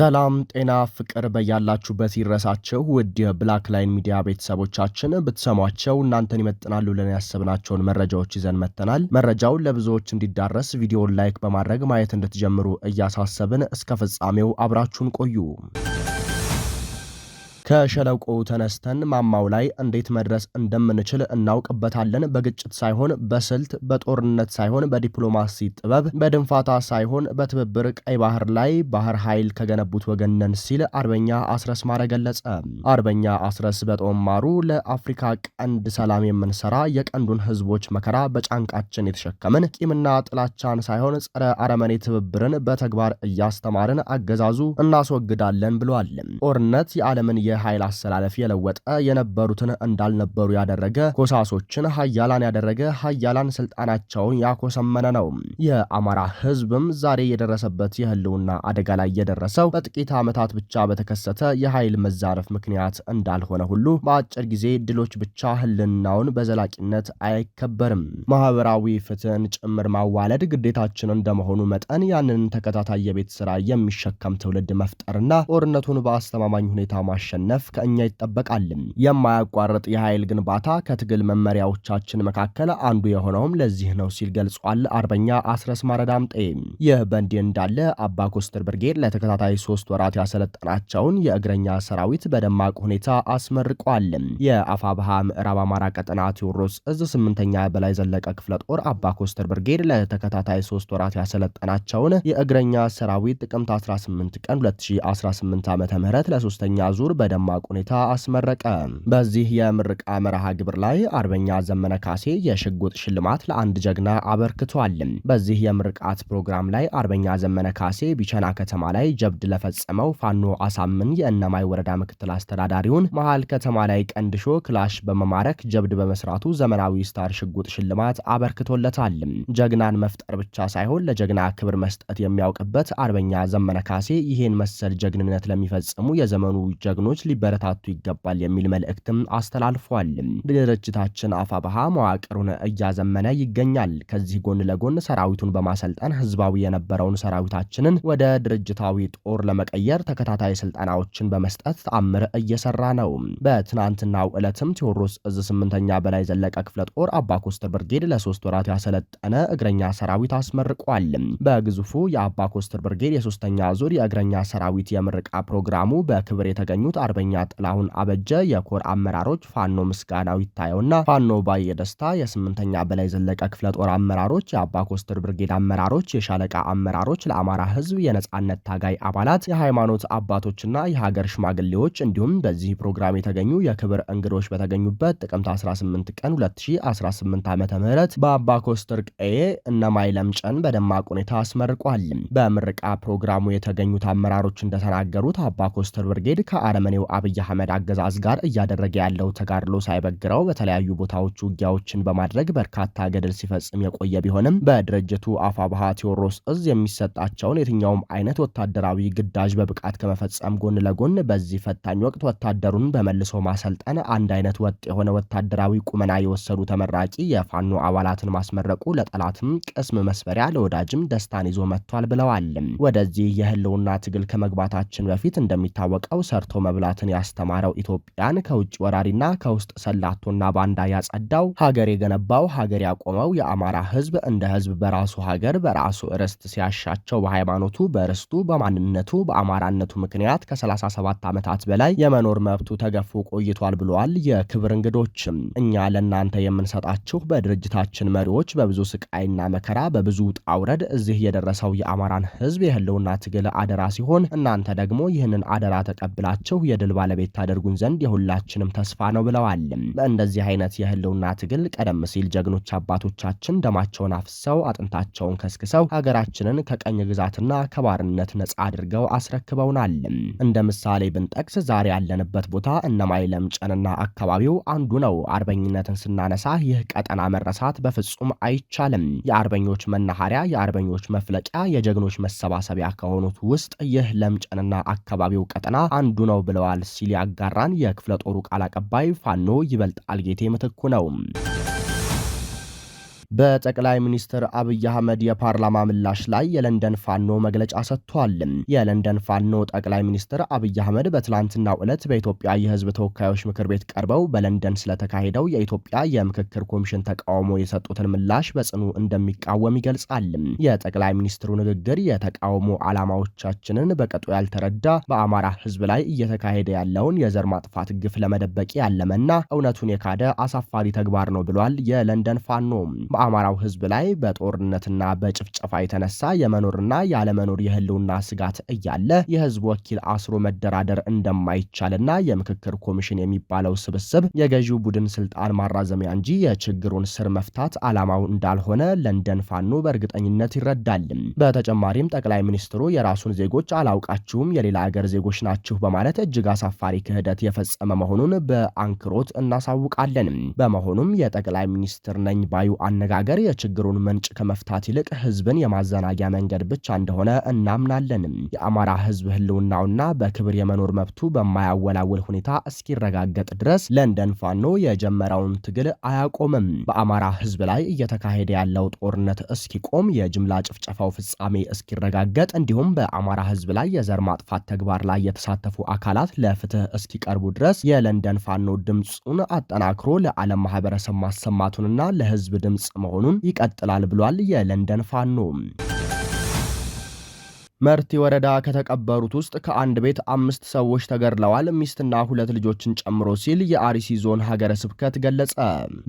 ሰላም ጤና ፍቅር በያላችሁበት ይድረሳችሁ። ውድ የብላክ ላይን ሚዲያ ቤተሰቦቻችን ብትሰሟቸው እናንተን ይመጥናሉ ብለን ያሰብናቸውን መረጃዎች ይዘን መጥተናል። መረጃው ለብዙዎች እንዲዳረስ ቪዲዮን ላይክ በማድረግ ማየት እንድትጀምሩ እያሳሰብን እስከ ፍጻሜው አብራችሁን ቆዩ። ከሸለቆው ተነስተን ማማው ላይ እንዴት መድረስ እንደምንችል እናውቅበታለን። በግጭት ሳይሆን በስልት በጦርነት ሳይሆን በዲፕሎማሲ ጥበብ በድንፋታ ሳይሆን በትብብር ቀይ ባህር ላይ ባህር ኃይል ከገነቡት ወገነን ሲል አርበኛ አስረስ ማረ ገለጸ። አርበኛ አስረስ በጦማሩ ለአፍሪካ ቀንድ ሰላም የምንሰራ የቀንዱን ህዝቦች መከራ በጫንቃችን የተሸከምን ቂምና ጥላቻን ሳይሆን ጸረ አረመኔ ትብብርን በተግባር እያስተማርን አገዛዙ እናስወግዳለን ብሏል። ጦርነት የዓለምን የ የኃይል አሰላለፍ የለወጠ የነበሩትን እንዳልነበሩ ያደረገ ኮሳሶችን ሀያላን ያደረገ ሀያላን ስልጣናቸውን ያኮሰመነ ነው። የአማራ ህዝብም ዛሬ የደረሰበት የህልውና አደጋ ላይ የደረሰው በጥቂት ዓመታት ብቻ በተከሰተ የኃይል መዛረፍ ምክንያት እንዳልሆነ ሁሉ በአጭር ጊዜ ድሎች ብቻ ህልናውን በዘላቂነት አይከበርም። ማህበራዊ ፍትህን ጭምር ማዋለድ ግዴታችን እንደመሆኑ መጠን ያንን ተከታታይ የቤት ስራ የሚሸከም ትውልድ መፍጠርና ጦርነቱን በአስተማማኝ ሁኔታ ማሸነፍ ማሸነፍ ከእኛ ይጠበቃል። የማያቋርጥ የኃይል ግንባታ ከትግል መመሪያዎቻችን መካከል አንዱ የሆነውም ለዚህ ነው ሲል ገልጿል አርበኛ አስረስ ማረዳምጤ። ይህ በእንዲህ እንዳለ አባ ኮስተር ብርጌድ ለተከታታይ ሶስት ወራት ያሰለጠናቸውን የእግረኛ ሰራዊት በደማቅ ሁኔታ አስመርቋል። የአፋብሃ ምዕራብ አማራ ቀጠና ቴዎድሮስ እዝ ስምንተኛ በላይ ዘለቀ ክፍለ ጦር አባ ኮስትር ብርጌድ ለተከታታይ ሶስት ወራት ያሰለጠናቸውን የእግረኛ ሰራዊት ጥቅምት 18 ቀን 2018 ዓ ም ለሶስተኛ ዙር በ በደማቅ ሁኔታ አስመረቀ። በዚህ የምርቃ መርሃ ግብር ላይ አርበኛ ዘመነ ካሴ የሽጉጥ ሽልማት ለአንድ ጀግና አበርክቷል። በዚህ የምርቃት ፕሮግራም ላይ አርበኛ ዘመነ ካሴ ቢቸና ከተማ ላይ ጀብድ ለፈጸመው ፋኖ አሳምን የእነማይ ወረዳ ምክትል አስተዳዳሪውን መሃል ከተማ ላይ ቀንድሾ ክላሽ በመማረክ ጀብድ በመስራቱ ዘመናዊ ስታር ሽጉጥ ሽልማት አበርክቶለታል። ጀግናን መፍጠር ብቻ ሳይሆን ለጀግና ክብር መስጠት የሚያውቅበት አርበኛ ዘመነ ካሴ ይህን መሰል ጀግንነት ለሚፈጽሙ የዘመኑ ጀግኖች ስራዎች ሊበረታቱ ይገባል የሚል መልእክትም አስተላልፏል። ድርጅታችን አፋብሃ መዋቅሩን እያዘመነ ይገኛል። ከዚህ ጎን ለጎን ሰራዊቱን በማሰልጠን ህዝባዊ የነበረውን ሰራዊታችንን ወደ ድርጅታዊ ጦር ለመቀየር ተከታታይ ስልጠናዎችን በመስጠት ተአምር እየሰራ ነው። በትናንትናው ዕለትም ቴዎድሮስ እዝ ስምንተኛ በላይ ዘለቀ ክፍለ ጦር አባኮስተር ብርጌድ ለሶስት ወራት ያሰለጠነ እግረኛ ሰራዊት አስመርቋል። በግዙፉ የአባኮስተር ብርጌድ የሶስተኛ ዙር የእግረኛ ሰራዊት የምርቃ ፕሮግራሙ በክብር የተገኙት አርበኛ ጥላሁን አበጀ፣ የኮር አመራሮች ፋኖ ምስጋናው ይታየውና ፋኖ ባየ ደስታ፣ የስምንተኛ በላይ ዘለቀ ክፍለ ጦር አመራሮች፣ የአባ ኮስተር ብርጌድ አመራሮች፣ የሻለቃ አመራሮች፣ ለአማራ ህዝብ የነጻነት ታጋይ አባላት፣ የሃይማኖት አባቶችና የሀገር ሽማግሌዎች እንዲሁም በዚህ ፕሮግራም የተገኙ የክብር እንግዶች በተገኙበት ጥቅምት 18 ቀን 2018 ዓ ም በአባ ኮስተር ቀዬ ጨን በደማቅ ሁኔታ አስመርቋል። በምርቃ ፕሮግራሙ የተገኙት አመራሮች እንደተናገሩት አባ ኮስተር ብርጌድ ከአረመኔ ከአምባገነናዊው አብይ አህመድ አገዛዝ ጋር እያደረገ ያለው ተጋድሎ ሳይበግረው በተለያዩ ቦታዎች ውጊያዎችን በማድረግ በርካታ ገድል ሲፈጽም የቆየ ቢሆንም በድርጅቱ አፋብሃ ቴዎድሮስ እዝ የሚሰጣቸውን የትኛውም አይነት ወታደራዊ ግዳጅ በብቃት ከመፈጸም ጎን ለጎን በዚህ ፈታኝ ወቅት ወታደሩን በመልሶ ማሰልጠን አንድ አይነት ወጥ የሆነ ወታደራዊ ቁመና የወሰዱ ተመራቂ የፋኖ አባላትን ማስመረቁ ለጠላትም ቅስም መስበሪያ ለወዳጅም ደስታን ይዞ መጥቷል ብለዋል። ወደዚህ የህልውና ትግል ከመግባታችን በፊት እንደሚታወቀው ሰርቶ መብላት ሀገራትን ያስተማረው ኢትዮጵያን ከውጭ ወራሪና ከውስጥ ሰላቶና ባንዳ ያጸዳው ሀገር የገነባው ሀገር ያቆመው የአማራ ህዝብ እንደ ህዝብ በራሱ ሀገር በራሱ ርስት ሲያሻቸው በሃይማኖቱ፣ በርስቱ፣ በማንነቱ፣ በአማራነቱ ምክንያት ከ37 ዓመታት በላይ የመኖር መብቱ ተገፎ ቆይቷል ብለዋል። የክብር እንግዶችም እኛ ለእናንተ የምንሰጣችሁ በድርጅታችን መሪዎች በብዙ ስቃይና መከራ በብዙ ውጣ ውረድ እዚህ የደረሰው የአማራን ህዝብ የህልውና ትግል አደራ ሲሆን እናንተ ደግሞ ይህንን አደራ ተቀብላችሁ የድል ባለቤት ታደርጉን ዘንድ የሁላችንም ተስፋ ነው ብለዋል። በእንደዚህ አይነት የህልውና ትግል ቀደም ሲል ጀግኖች አባቶቻችን ደማቸውን አፍሰው አጥንታቸውን ከስክሰው ሀገራችንን ከቀኝ ግዛትና ከባርነት ነጻ አድርገው አስረክበውናል። እንደ ምሳሌ ብንጠቅስ ዛሬ ያለንበት ቦታ እነማይለም ጨንና አካባቢው አንዱ ነው። አርበኝነትን ስናነሳ ይህ ቀጠና መረሳት በፍጹም አይቻልም። የአርበኞች መናኸሪያ፣ የአርበኞች መፍለቂያ፣ የጀግኖች መሰባሰቢያ ከሆኑት ውስጥ ይህ ለምጨንና አካባቢው ቀጠና አንዱ ነው ብለዋል ተጠቅመዋል ሲል ያጋራን የክፍለ ጦሩ ቃል አቀባይ ፋኖ ይበልጥ አልጌቴ ምትኩ ነው። በጠቅላይ ሚኒስትር አብይ አህመድ የፓርላማ ምላሽ ላይ የለንደን ፋኖ መግለጫ ሰጥቷል። የለንደን ፋኖ ጠቅላይ ሚኒስትር አብይ አህመድ በትላንትናው ዕለት በኢትዮጵያ የህዝብ ተወካዮች ምክር ቤት ቀርበው በለንደን ስለተካሄደው የኢትዮጵያ የምክክር ኮሚሽን ተቃውሞ የሰጡትን ምላሽ በጽኑ እንደሚቃወም ይገልጻል። የጠቅላይ ሚኒስትሩ ንግግር የተቃውሞ ዓላማዎቻችንን በቀጡ ያልተረዳ በአማራ ህዝብ ላይ እየተካሄደ ያለውን የዘር ማጥፋት ግፍ ለመደበቅ ያለመና እውነቱን የካደ አሳፋሪ ተግባር ነው ብሏል። የለንደን ፋኖ በአማራው ህዝብ ላይ በጦርነትና በጭፍጨፋ የተነሳ የመኖርና ያለመኖር የህልውና ስጋት እያለ የህዝብ ወኪል አስሮ መደራደር እንደማይቻልና የምክክር ኮሚሽን የሚባለው ስብስብ የገዢው ቡድን ስልጣን ማራዘሚያ እንጂ የችግሩን ስር መፍታት አላማው እንዳልሆነ ለንደን ፋኖ በእርግጠኝነት ይረዳል። በተጨማሪም ጠቅላይ ሚኒስትሩ የራሱን ዜጎች አላውቃችሁም የሌላ አገር ዜጎች ናችሁ በማለት እጅግ አሳፋሪ ክህደት የፈጸመ መሆኑን በአንክሮት እናሳውቃለን። በመሆኑም የጠቅላይ ሚኒስትር ነኝ ባዩ አነ መነጋገር የችግሩን ምንጭ ከመፍታት ይልቅ ህዝብን የማዘናጊያ መንገድ ብቻ እንደሆነ እናምናለንም። የአማራ ህዝብ ህልውናውና በክብር የመኖር መብቱ በማያወላውል ሁኔታ እስኪረጋገጥ ድረስ ለንደን ፋኖ የጀመረውን ትግል አያቆምም። በአማራ ህዝብ ላይ እየተካሄደ ያለው ጦርነት እስኪቆም፣ የጅምላ ጭፍጨፋው ፍጻሜ እስኪረጋገጥ፣ እንዲሁም በአማራ ህዝብ ላይ የዘር ማጥፋት ተግባር ላይ የተሳተፉ አካላት ለፍትህ እስኪቀርቡ ድረስ የለንደን ፋኖ ድምፁን አጠናክሮ ለዓለም ማህበረሰብ ማሰማቱንና ለህዝብ ድምፅ መሆኑን ይቀጥላል ብሏል የለንደን ፋኖ። መርቲ ወረዳ ከተቀበሩት ውስጥ ከአንድ ቤት አምስት ሰዎች ተገድለዋል፣ ሚስትና ሁለት ልጆችን ጨምሮ ሲል የአርሲ ዞን ሀገረ ስብከት ገለጸ።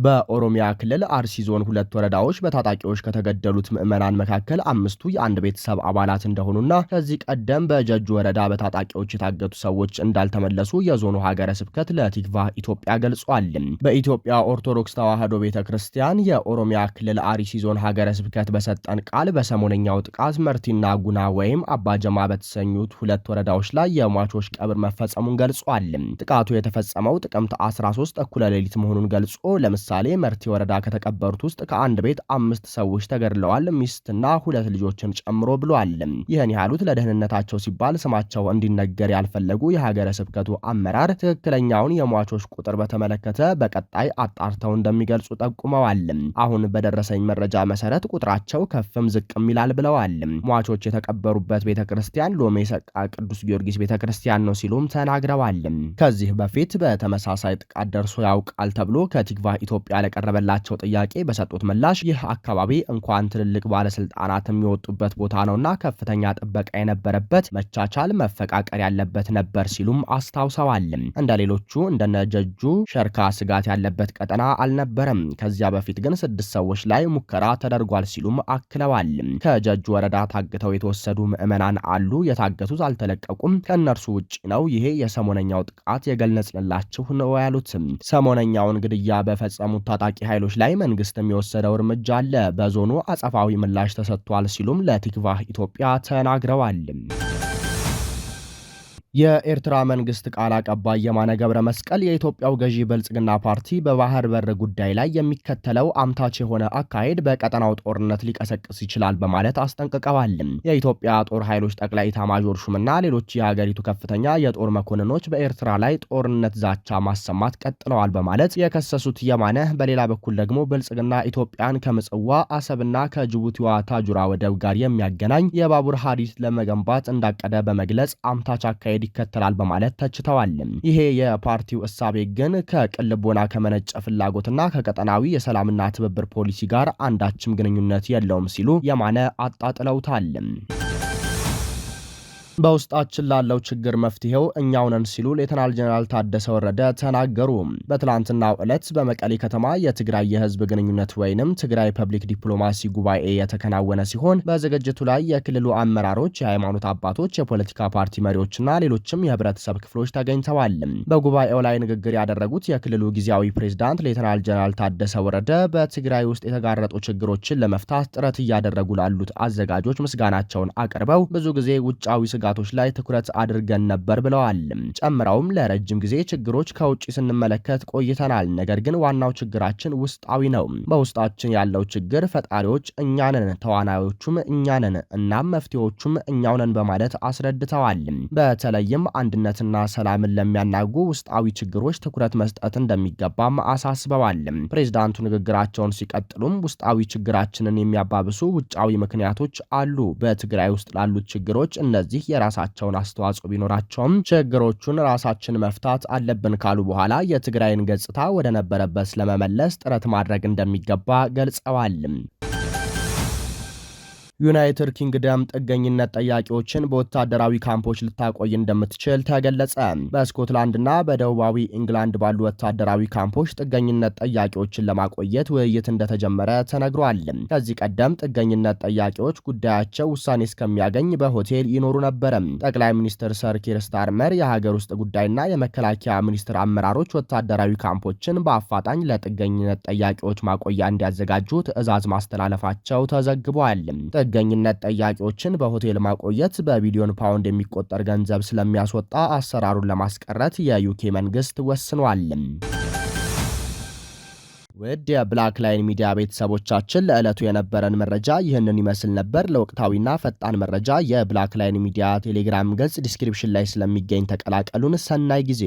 በኦሮሚያ ክልል አርሲ ዞን ሁለት ወረዳዎች በታጣቂዎች ከተገደሉት ምዕመናን መካከል አምስቱ የአንድ ቤተሰብ አባላት እንደሆኑና ከዚህ ቀደም በጀጁ ወረዳ በታጣቂዎች የታገቱ ሰዎች እንዳልተመለሱ የዞኑ ሀገረ ስብከት ለቲክቫ ኢትዮጵያ ገልጿል። በኢትዮጵያ ኦርቶዶክስ ተዋህዶ ቤተ ክርስቲያን የኦሮሚያ ክልል አርሲ ዞን ሀገረ ስብከት በሰጠን ቃል በሰሞነኛው ጥቃት መርቲና ጉና ወይም በተጨማሪም አባጀማ በተሰኙት ሁለት ወረዳዎች ላይ የሟቾች ቀብር መፈጸሙን ገልጿል። ጥቃቱ የተፈጸመው ጥቅምት 13 እኩለ ሌሊት መሆኑን ገልጾ ለምሳሌ መርቲ ወረዳ ከተቀበሩት ውስጥ ከአንድ ቤት አምስት ሰዎች ተገድለዋል፣ ሚስትና ሁለት ልጆችን ጨምሮ ብሏል። ይህን ያሉት ለደህንነታቸው ሲባል ስማቸው እንዲነገር ያልፈለጉ የሀገረ ስብከቱ አመራር ትክክለኛውን የሟቾች ቁጥር በተመለከተ በቀጣይ አጣርተው እንደሚገልጹ ጠቁመዋል። አሁን በደረሰኝ መረጃ መሰረት ቁጥራቸው ከፍም ዝቅም ይላል ብለዋል። ሟቾች የተቀበሩበት ያሉበት ቤተ ክርስቲያን ሎሜ ሰቃ ቅዱስ ጊዮርጊስ ቤተ ክርስቲያን ነው ሲሉም ተናግረዋል። ከዚህ በፊት በተመሳሳይ ጥቃት ደርሶ ያውቃል ተብሎ ከቲግቫ ኢትዮጵያ ለቀረበላቸው ጥያቄ በሰጡት ምላሽ ይህ አካባቢ እንኳን ትልልቅ ባለስልጣናት የሚወጡበት ቦታ ነውና ከፍተኛ ጥበቃ የነበረበት መቻቻል፣ መፈቃቀር ያለበት ነበር ሲሉም አስታውሰዋል። እንደ ሌሎቹ ጀጁ ሸርካ ስጋት ያለበት ቀጠና አልነበረም። ከዚያ በፊት ግን ስድስት ሰዎች ላይ ሙከራ ተደርጓል ሲሉም አክለዋል። ከጀጁ ወረዳ ታግተው የተወሰዱ ምዕመናን አሉ። የታገቱት አልተለቀቁም፣ ከእነርሱ ውጭ ነው። ይሄ የሰሞነኛው ጥቃት የገለጽንላችሁ ነው ያሉትም ሰሞነኛውን ግድያ በፈጸሙት ታጣቂ ኃይሎች ላይ መንግስት የወሰደው እርምጃ አለ። በዞኑ አጸፋዊ ምላሽ ተሰጥቷል ሲሉም ለቲክቫህ ኢትዮጵያ ተናግረዋል። የኤርትራ መንግስት ቃል አቀባይ የማነ ገብረ መስቀል የኢትዮጵያው ገዢ ብልጽግና ፓርቲ በባህር በር ጉዳይ ላይ የሚከተለው አምታች የሆነ አካሄድ በቀጠናው ጦርነት ሊቀሰቅስ ይችላል በማለት አስጠንቅቀዋል። የኢትዮጵያ ጦር ኃይሎች ጠቅላይ ኢታማዦር ሹምና ሌሎች የሀገሪቱ ከፍተኛ የጦር መኮንኖች በኤርትራ ላይ ጦርነት ዛቻ ማሰማት ቀጥለዋል በማለት የከሰሱት የማነ በሌላ በኩል ደግሞ ብልጽግና ኢትዮጵያን ከምጽዋ አሰብና ከጅቡቲዋ ታጁራ ወደብ ጋር የሚያገናኝ የባቡር ሀዲድ ለመገንባት እንዳቀደ በመግለጽ አምታች አካሄድ አካሄድ ይከተላል በማለት ተችተዋል። ይሄ የፓርቲው እሳቤ ግን ከቅልቦና ከመነጨ ፍላጎትና ከቀጠናዊ የሰላምና ትብብር ፖሊሲ ጋር አንዳችም ግንኙነት የለውም ሲሉ የማነ አጣጥለውታል። በውስጣችን ላለው ችግር መፍትሄው እኛው ነን ሲሉ ሌተናል ጀኔራል ታደሰ ወረደ ተናገሩ። በትላንትናው ዕለት በመቀሌ ከተማ የትግራይ የህዝብ ግንኙነት ወይንም ትግራይ ፐብሊክ ዲፕሎማሲ ጉባኤ የተከናወነ ሲሆን በዝግጅቱ ላይ የክልሉ አመራሮች፣ የሃይማኖት አባቶች፣ የፖለቲካ ፓርቲ መሪዎችና ሌሎችም የህብረተሰብ ክፍሎች ተገኝተዋል። በጉባኤው ላይ ንግግር ያደረጉት የክልሉ ጊዜያዊ ፕሬዝዳንት ሌተናል ጀኔራል ታደሰ ወረደ በትግራይ ውስጥ የተጋረጡ ችግሮችን ለመፍታት ጥረት እያደረጉ ላሉት አዘጋጆች ምስጋናቸውን አቅርበው ብዙ ጊዜ ውጫዊ ስጋ ጥቃቶች ላይ ትኩረት አድርገን ነበር ብለዋል። ጨምረውም ለረጅም ጊዜ ችግሮች ከውጭ ስንመለከት ቆይተናል። ነገር ግን ዋናው ችግራችን ውስጣዊ ነው። በውስጣችን ያለው ችግር ፈጣሪዎች እኛንን፣ ተዋናዮቹም እኛንን፣ እናም መፍትሄዎቹም እኛውንን በማለት አስረድተዋል። በተለይም አንድነትና ሰላምን ለሚያናጉ ውስጣዊ ችግሮች ትኩረት መስጠት እንደሚገባም አሳስበዋል። ፕሬዚዳንቱ ንግግራቸውን ሲቀጥሉም ውስጣዊ ችግራችንን የሚያባብሱ ውጫዊ ምክንያቶች አሉ። በትግራይ ውስጥ ላሉት ችግሮች እነዚህ የራሳቸውን አስተዋጽኦ ቢኖራቸውም ችግሮቹን ራሳችን መፍታት አለብን ካሉ በኋላ የትግራይን ገጽታ ወደ ነበረበት ለመመለስ ጥረት ማድረግ እንደሚገባ ገልጸዋል። ዩናይትድ ኪንግደም ጥገኝነት ጠያቂዎችን በወታደራዊ ካምፖች ልታቆይ እንደምትችል ተገለጸ። በስኮትላንድና በደቡባዊ ኢንግላንድ ባሉ ወታደራዊ ካምፖች ጥገኝነት ጠያቂዎችን ለማቆየት ውይይት እንደተጀመረ ተነግሯል። ከዚህ ቀደም ጥገኝነት ጠያቂዎች ጉዳያቸው ውሳኔ እስከሚያገኝ በሆቴል ይኖሩ ነበር። ጠቅላይ ሚኒስትር ሰር ኪር ስታርመር የሀገር ውስጥ ጉዳይና የመከላከያ ሚኒስትር አመራሮች ወታደራዊ ካምፖችን በአፋጣኝ ለጥገኝነት ጠያቂዎች ማቆያ እንዲያዘጋጁ ትዕዛዝ ማስተላለፋቸው ተዘግቧል። ጥገኝነት ጠያቂዎችን በሆቴል ማቆየት በቢሊዮን ፓውንድ የሚቆጠር ገንዘብ ስለሚያስወጣ አሰራሩን ለማስቀረት የዩኬ መንግስት ወስኗል። ውድ የብላክ ላይን ሚዲያ ቤተሰቦቻችን ለዕለቱ የነበረን መረጃ ይህንን ይመስል ነበር። ለወቅታዊና ፈጣን መረጃ የብላክ ላይን ሚዲያ ቴሌግራም ገጽ ዲስክሪፕሽን ላይ ስለሚገኝ ተቀላቀሉን። ሰናይ ጊዜ